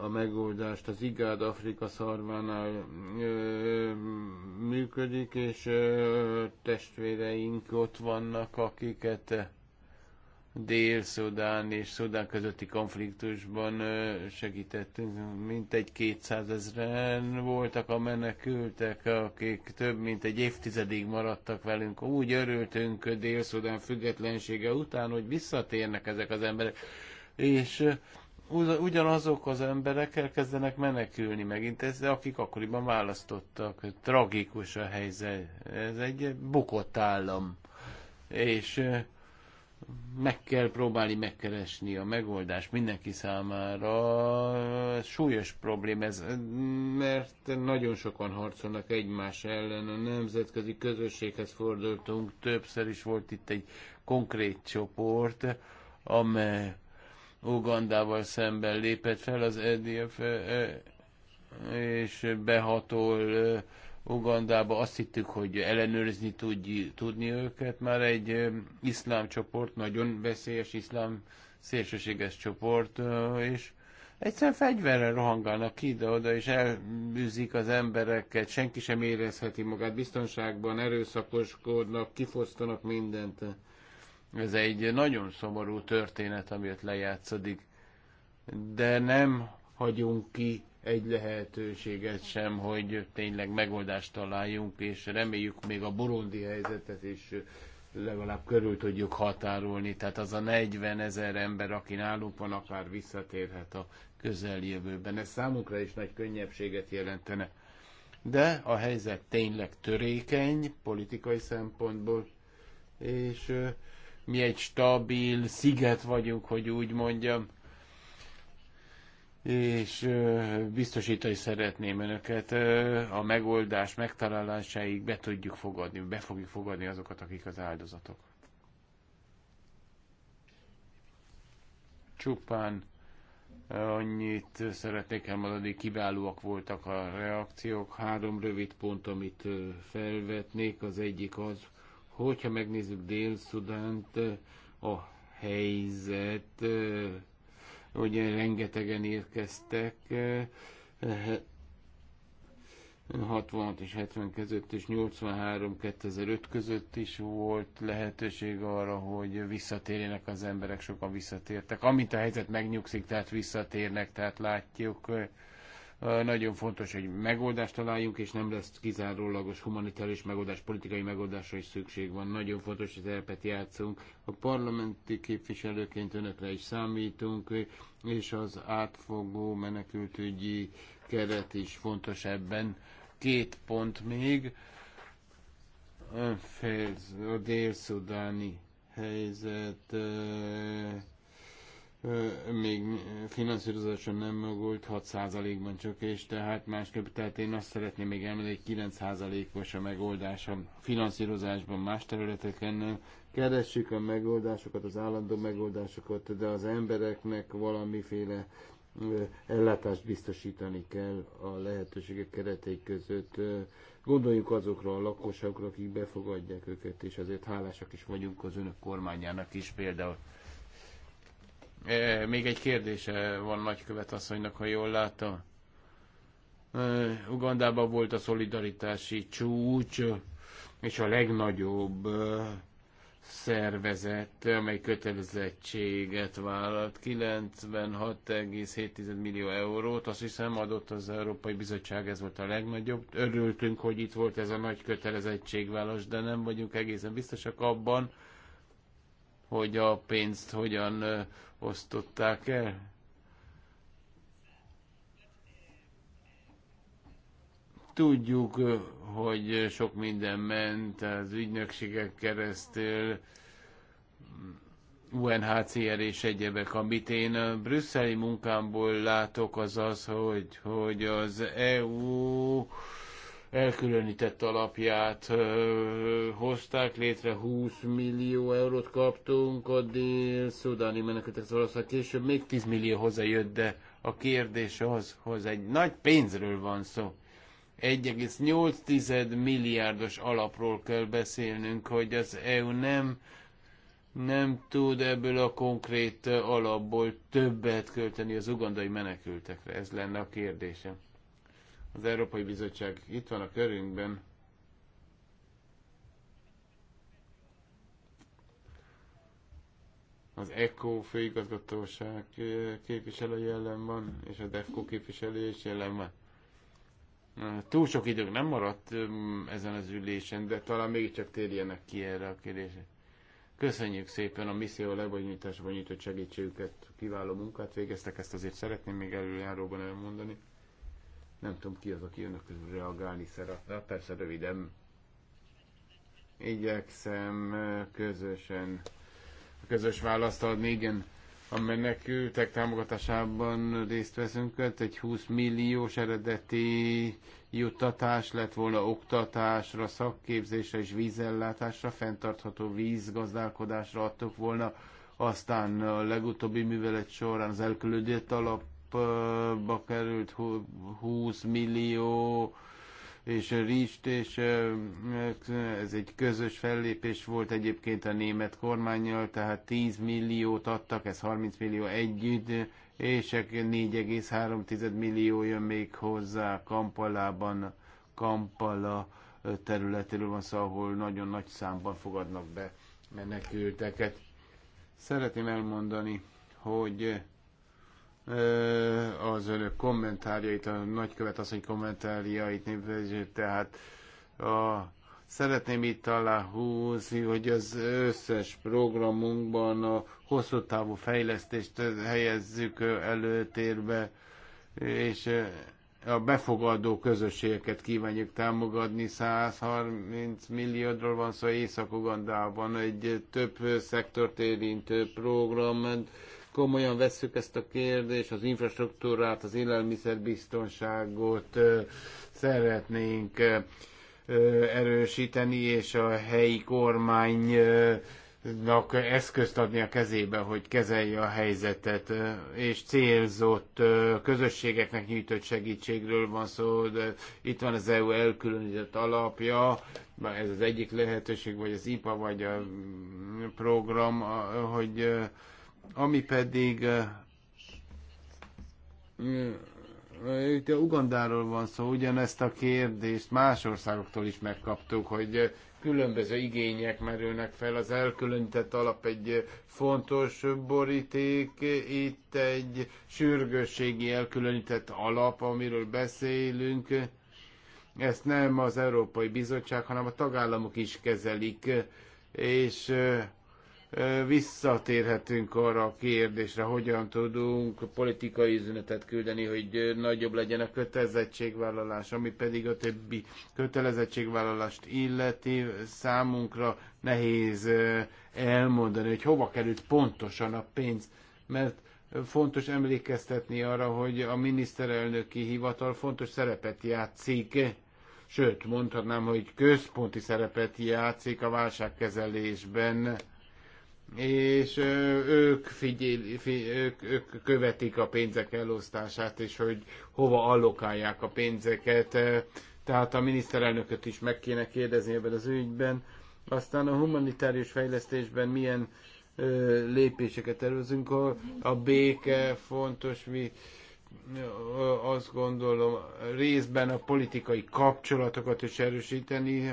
a megoldást. Az igád Afrika szarvánál működik, és testvéreink ott vannak, akiket Dél-Szudán és Szudán közötti konfliktusban segítettünk. Mintegy 200 ezeren voltak a menekültek, akik több mint egy évtizedig maradtak velünk. Úgy örültünk Dél-Szudán függetlensége után, hogy visszatérnek ezek az emberek. És ugyanazok az emberek elkezdenek menekülni megint, ez, akik akkoriban választottak. Tragikus a helyzet. Ez egy bukott állam. És meg kell próbálni megkeresni a megoldást mindenki számára. Súlyos probléma ez, mert nagyon sokan harcolnak egymás ellen. A nemzetközi közösséghez fordultunk, többször is volt itt egy konkrét csoport, amely Ugandával szemben lépett fel az EDF, eh, eh, és behatol eh, Ugandába azt hittük, hogy ellenőrizni tudj, tudni őket. Már egy iszlám csoport, nagyon veszélyes iszlám szélsőséges csoport, és egyszerűen fegyverrel rohangálnak ide-oda, és elűzik az embereket, senki sem érezheti magát biztonságban, erőszakoskodnak, kifosztanak mindent. Ez egy nagyon szomorú történet, ami ott lejátszódik. De nem hagyunk ki egy lehetőséget sem, hogy tényleg megoldást találjunk, és reméljük még a burundi helyzetet is legalább körül tudjuk határolni. Tehát az a 40 ezer ember, aki nálunk van, akár visszatérhet a közeljövőben. Ez számunkra is nagy könnyebbséget jelentene. De a helyzet tényleg törékeny politikai szempontból, és mi egy stabil sziget vagyunk, hogy úgy mondjam, és biztosítani szeretném önöket, a megoldás megtalálásáig be tudjuk fogadni, be fogjuk fogadni azokat, akik az áldozatok. Csupán annyit szeretnék elmondani, kiválóak voltak a reakciók. Három rövid pont, amit felvetnék, az egyik az, hogyha megnézzük Dél-Szudánt, a helyzet hogy rengetegen érkeztek, 66 eh, és 70 között és 83 2005 között is volt lehetőség arra, hogy visszatérjenek az emberek, sokan visszatértek. Amint a helyzet megnyugszik, tehát visszatérnek, tehát látjuk, eh, nagyon fontos, hogy megoldást találjunk, és nem lesz kizárólagos humanitáris megoldás, politikai megoldásra is szükség van. Nagyon fontos, hogy szerepet játszunk. A parlamenti képviselőként önökre is számítunk, és az átfogó menekültügyi keret is fontos ebben. Két pont még. A dél-szudáni helyzet még finanszírozása nem magult, 6%-ban csak, és tehát másképp, tehát én azt szeretném még említeni, hogy 9%-os a megoldás a finanszírozásban más területeken. Keressük a megoldásokat, az állandó megoldásokat, de az embereknek valamiféle ellátást biztosítani kell a lehetőségek keretei között. Gondoljunk azokra a lakosokra, akik befogadják őket, és azért hálásak is vagyunk az önök kormányának is például. E, még egy kérdése van nagykövet asszonynak, ha jól látta. E, Ugandában volt a szolidaritási csúcs, és a legnagyobb e, szervezet, amely kötelezettséget vállalt, 96,7 millió eurót, azt hiszem adott az Európai Bizottság, ez volt a legnagyobb. Örültünk, hogy itt volt ez a nagy kötelezettségvállalás, de nem vagyunk egészen biztosak abban, hogy a pénzt hogyan osztották el. Tudjuk, hogy sok minden ment az ügynökségek keresztül, UNHCR és egyebek, amit én a brüsszeli munkámból látok, az az, hogy, hogy az EU elkülönített alapját hozták létre, 20 millió eurót kaptunk, a dél-szudáni menekültek Oroszország később még 10 millió hozzájött, de a kérdés az, hogy egy nagy pénzről van szó. 1,8 milliárdos alapról kell beszélnünk, hogy az EU nem nem tud ebből a konkrét alapból többet költeni az ugandai menekültekre. Ez lenne a kérdésem. Az Európai Bizottság itt van a körünkben. Az ECO főigazgatóság eh, képviselői jelen van, és a DEFCO képviselői is jelen van. Eh, túl sok időnk nem maradt eh, ezen az ülésen, de talán mégiscsak térjenek ki erre a kérdésre. Köszönjük szépen a misszió lebonyításban nyújtott segítségüket, kiváló munkát végeztek, ezt azért szeretném még előjáróban elmondani. Nem tudom ki az, aki önök közül reagálni szeretne, persze röviden. Igyekszem közösen, a közös választ adni, igen. A menekültek támogatásában részt veszünk, egy 20 milliós eredeti juttatás lett volna oktatásra, szakképzésre és vízellátásra, fenntartható vízgazdálkodásra adtuk volna. Aztán a legutóbbi művelet során az elkülödött alap Cup-ba került 20 millió, és Rist, és hát ez egy közös fellépés volt egyébként a német kormányjal, tehát 10 milliót adtak, ez 30 millió együtt, és 4,3 millió jön még hozzá Kampalában, Kampala területéről van szó, ahol nagyon nagy számban fogadnak be menekülteket. Szeretném elmondani, hogy az önök kommentárjait, a nagykövet asszony kommentárjait, tehát a, szeretném itt aláhúzni, hogy az összes programunkban a hosszú távú fejlesztést helyezzük előtérbe, és a befogadó közösségeket kívánjuk támogatni. 130 milliódról van szó Észak-Ugandában, egy több szektort érintő program, komolyan vesszük ezt a kérdést, az infrastruktúrát, az élelmiszerbiztonságot szeretnénk erősíteni, és a helyi kormány eszközt adni a kezébe, hogy kezelje a helyzetet, és célzott közösségeknek nyújtott segítségről van szó, de itt van az EU elkülönített alapja, ez az egyik lehetőség, vagy az IPA, vagy a mm, program, hogy ami pedig eh, eh, itt Ugandáról van szó, ugyanezt a kérdést más országoktól is megkaptuk, hogy eh, különböző igények merülnek fel. Az elkülönített alap egy fontos boríték, itt egy sürgősségi elkülönített alap, amiről beszélünk. Ezt nem az Európai Bizottság, hanem a tagállamok is kezelik, és visszatérhetünk arra a kérdésre, hogyan tudunk politikai üzenetet küldeni, hogy nagyobb legyen a kötelezettségvállalás, ami pedig a többi kötelezettségvállalást illeti számunkra nehéz elmondani, hogy hova került pontosan a pénz, mert fontos emlékeztetni arra, hogy a miniszterelnöki hivatal fontos szerepet játszik, sőt, mondhatnám, hogy központi szerepet játszik a válságkezelésben és ők, figyel, figyel, ők, ők követik a pénzek elosztását, és hogy hova allokálják a pénzeket. Tehát a miniszterelnököt is meg kéne kérdezni ebben az ügyben. Aztán a humanitárius fejlesztésben milyen ö, lépéseket előzünk, a, a béke fontos, mi, azt gondolom, részben a politikai kapcsolatokat is erősíteni,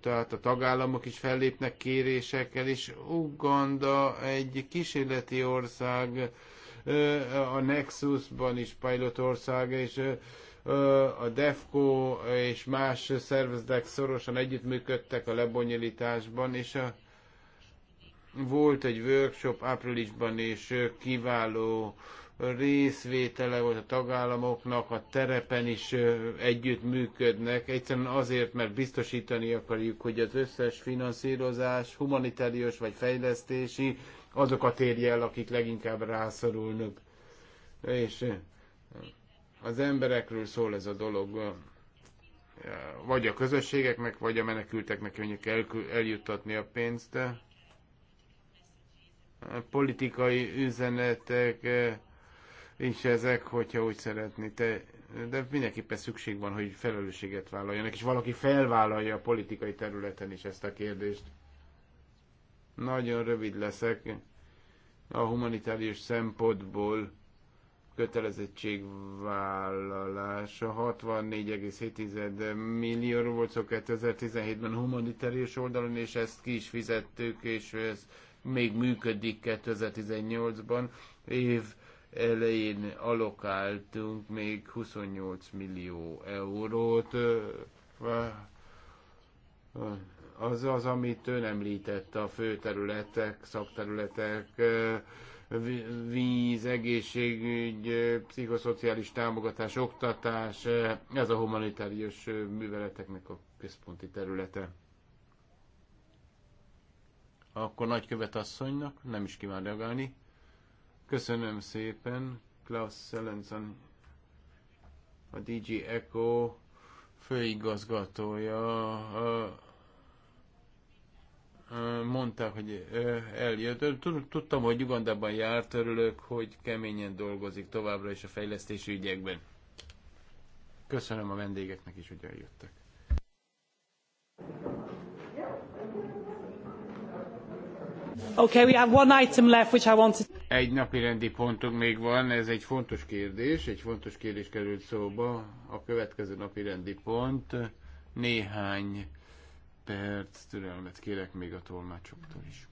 tehát a tagállamok is fellépnek kérésekkel, és Uganda egy kísérleti ország, a Nexusban is pilot ország, és a DEFCO és más szervezetek szorosan együttműködtek a lebonyolításban, és a, volt egy workshop áprilisban, és kiváló uh, részvétele volt a tagállamoknak, a terepen is együtt működnek, egyszerűen azért, mert biztosítani akarjuk, hogy az összes finanszírozás, humanitárius vagy fejlesztési, azokat érje el, akik leginkább rászorulnak. És az emberekről szól ez a dolog vagy a közösségeknek, vagy a menekülteknek mondjuk eljuttatni a pénzt. A politikai üzenetek és ezek, hogyha úgy szeretné. te, de mindenképpen szükség van, hogy felelősséget vállaljanak, és valaki felvállalja a politikai területen is ezt a kérdést. Nagyon rövid leszek. A humanitárius szempontból kötelezettségvállalás. A 64,7 millió volt szó 2017-ben humanitárius oldalon, és ezt ki is fizettük, és ez még működik 2018-ban. Év elején alokáltunk még 28 millió eurót. Az az, amit ön említett a főterületek, szakterületek, víz, egészségügy, pszichoszociális támogatás, oktatás, ez a humanitárius műveleteknek a központi területe. Akkor nagykövet asszonynak nem is kíván reagálni. Köszönöm szépen, Klaus Szelencan, a DJ Echo főigazgatója. Mondták, hogy eljött. Tudtam, hogy Ugandában járt, örülök, hogy keményen dolgozik továbbra is a fejlesztési ügyekben. Köszönöm a vendégeknek is, hogy eljöttek. Okay, we have one item left which I wanted egy napi rendi pontunk még van, ez egy fontos kérdés, egy fontos kérdés került szóba. A következő napi rendi pont néhány perc türelmet kérek még a tolmácsoktól is.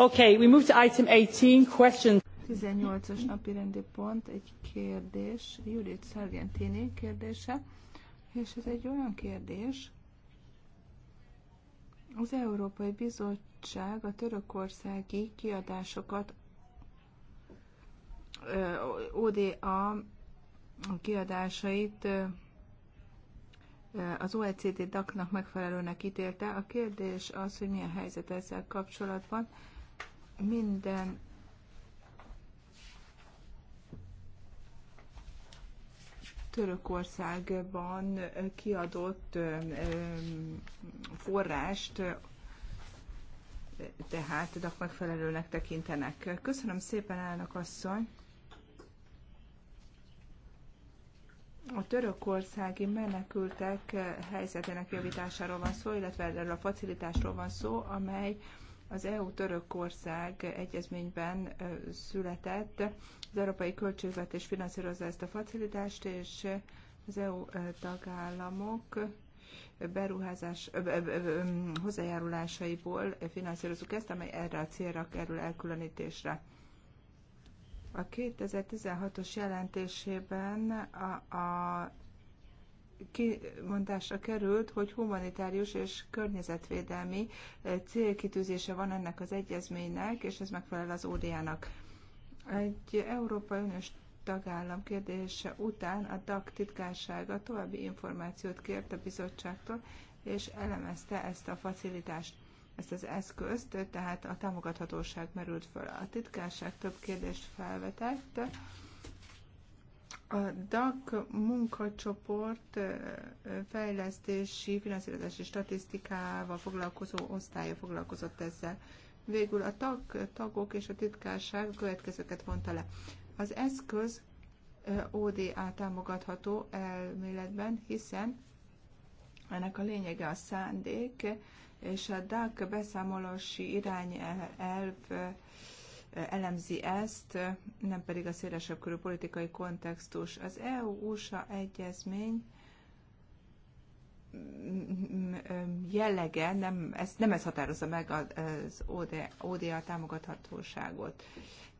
Okay, we move to item 18, question. 18-as napi rendi pont, egy kérdés, Judith Sargentini kérdése, és ez egy olyan kérdés, az Európai Bizottság a törökországi kiadásokat ODA kiadásait az OECD DAC-nak megfelelőnek ítélte. A kérdés az, hogy milyen helyzet ezzel kapcsolatban minden Törökországban kiadott forrást tehát ezek megfelelőnek tekintenek. Köszönöm szépen, elnök asszony! A törökországi menekültek helyzetének javításáról van szó, illetve erről a facilitásról van szó, amely az EU-Törökország egyezményben született. Az Európai Költségvetés finanszírozza ezt a facilitást, és az EU tagállamok beruházás, ö, ö, ö, hozzájárulásaiból finanszírozunk ezt, amely erre a célra kerül elkülönítésre. A 2016-os jelentésében a, a kimondásra került, hogy humanitárius és környezetvédelmi eh, célkitűzése van ennek az egyezménynek, és ez megfelel az ódiának. Egy Európai Uniós tagállam kérdése után a DAC titkársága további információt kért a bizottságtól, és elemezte ezt a facilitást, ezt az eszközt, tehát a támogathatóság merült föl. A titkárság több kérdést felvetett, a DAC munkacsoport fejlesztési, finanszírozási statisztikával foglalkozó osztálya foglalkozott ezzel. Végül a tag, tagok és a titkárság a következőket mondta le. Az eszköz ODA támogatható elméletben, hiszen ennek a lényege a szándék, és a DAC beszámolási irányelv elemzi ezt, nem pedig a szélesebb körű politikai kontextus. Az EU-USA egyezmény jellege, nem ez, nem ez határozza meg az ODA támogathatóságot.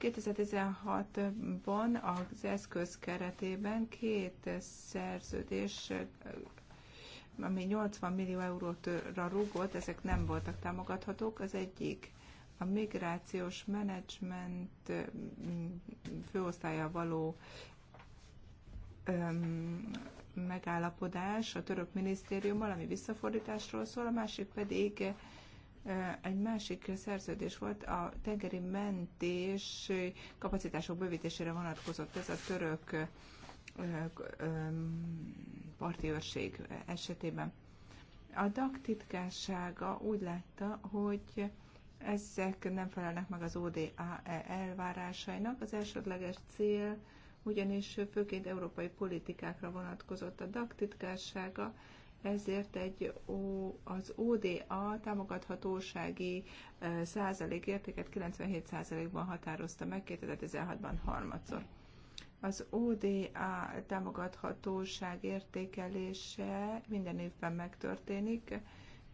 2016-ban az eszköz keretében két szerződés, ami 80 millió eurót rúgott, ezek nem voltak támogathatók. Az egyik a migrációs menedzsment mm, főosztálya való megállapodás a török minisztériummal, ami visszafordításról szól, a másik pedig egy másik szerződés volt, a tengeri mentés kapacitások bővítésére vonatkozott ez a török parti őrség esetében. A DAK titkársága úgy látta, hogy ezek nem felelnek meg az ODA e elvárásainak. Az elsődleges cél ugyanis főként európai politikákra vonatkozott a DAC titkársága, ezért egy o, az ODA támogathatósági e, értéket 97 százalékban határozta meg 2016-ban harmadszor. Az ODA támogathatóság értékelése minden évben megtörténik,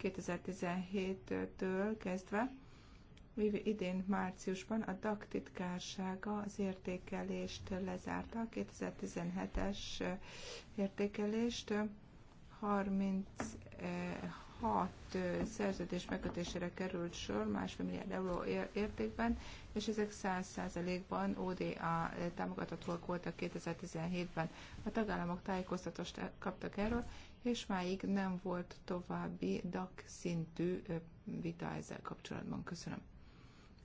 2017-től kezdve idén márciusban a DAC titkársága az értékelést lezárta, a 2017-es értékelést 36 szerződés megkötésére került sor másfél milliárd euró értékben, és ezek 100%-ban ODA támogatatóak voltak 2017-ben. A tagállamok tájékoztatást kaptak erről, és máig nem volt további DAC szintű vita ezzel kapcsolatban. Köszönöm.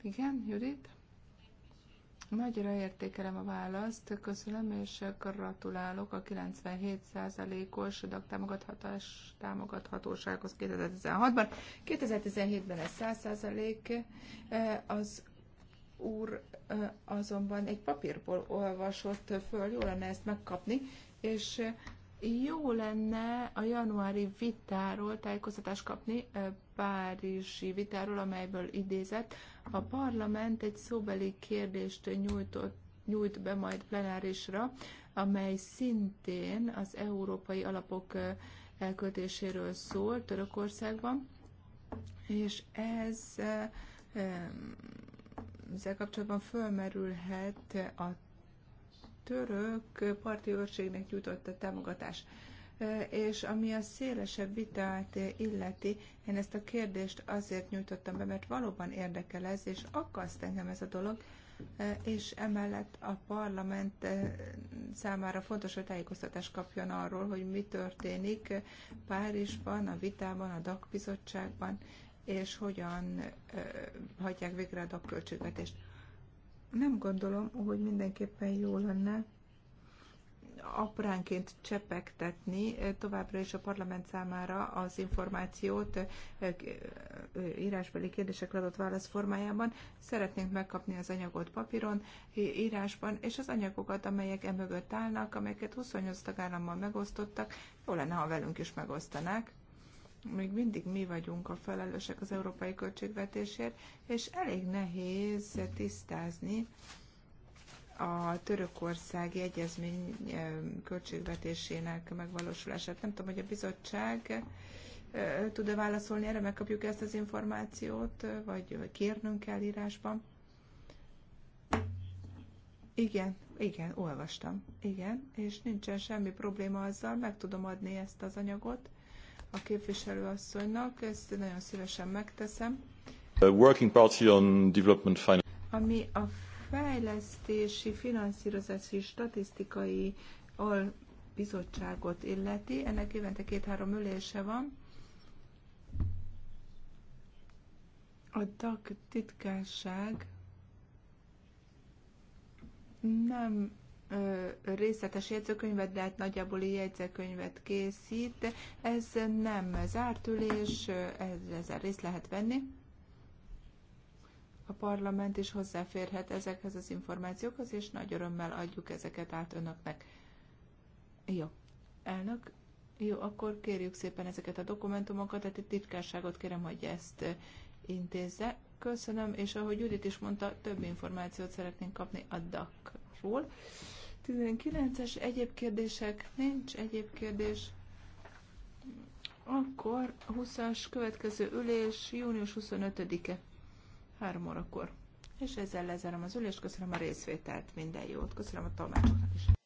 Igen, Judit? Nagyra értékelem a választ, köszönöm és gratulálok a 97%-os támogathatás, támogathatósághoz 2016-ban. 2017-ben ez 100% eh, az úr eh, azonban egy papírból olvasott föl, jó lenne ezt megkapni, és jó lenne a januári vitáról tájékoztatást kapni, Párizsi vitáról, amelyből idézett. A parlament egy szóbeli kérdést nyújtott, nyújt be majd plenárisra, amely szintén az európai alapok elköltéséről szól Törökországban, és ez ezzel kapcsolatban fölmerülhet a török parti őrségnek jutott a támogatás. És ami a szélesebb vitát illeti, én ezt a kérdést azért nyújtottam be, mert valóban érdekel ez, és akaszt engem ez a dolog, és emellett a parlament számára fontos, hogy tájékoztatást kapjon arról, hogy mi történik Párizsban, a vitában, a DAK bizottságban, és hogyan hagyják végre a DAK költségvetést nem gondolom, hogy mindenképpen jó lenne apránként csepegtetni továbbra is a parlament számára az információt írásbeli kérdésekre adott válasz formájában. Szeretnénk megkapni az anyagot papíron, írásban, és az anyagokat, amelyek emögött állnak, amelyeket 28 tagállammal megosztottak, jó lenne, ha velünk is megosztanák még mindig mi vagyunk a felelősek az európai költségvetésért, és elég nehéz tisztázni a törökországi egyezmény eh, költségvetésének megvalósulását. Nem tudom, hogy a bizottság eh, tud-e válaszolni erre, megkapjuk ezt az információt, vagy kérnünk kell írásban. Igen, igen, olvastam. Igen, és nincsen semmi probléma azzal, meg tudom adni ezt az anyagot a képviselőasszonynak, ezt nagyon szívesen megteszem. A working Party on Development Finance. Ami a fejlesztési, finanszírozási, statisztikai bizottságot illeti, ennek évente két-három ülése van. A DAC titkárság nem részletes jegyzőkönyvet, de hát nagyjából jegyzőkönyvet készít. Ez nem zárt ülés, ezzel részt lehet venni. A parlament is hozzáférhet ezekhez az információkhoz, és nagy örömmel adjuk ezeket át önöknek. Jó. Elnök, jó, akkor kérjük szépen ezeket a dokumentumokat, tehát itt titkárságot kérem, hogy ezt intézze. Köszönöm, és ahogy Judit is mondta, több információt szeretnénk kapni a DAC-ról. 19-es, egyéb kérdések? Nincs egyéb kérdés. Akkor 20-as következő ülés június 25-e, 3 órakor. És ezzel lezárom az ülést, köszönöm a részvételt, minden jót, köszönöm a tanácsoknak is.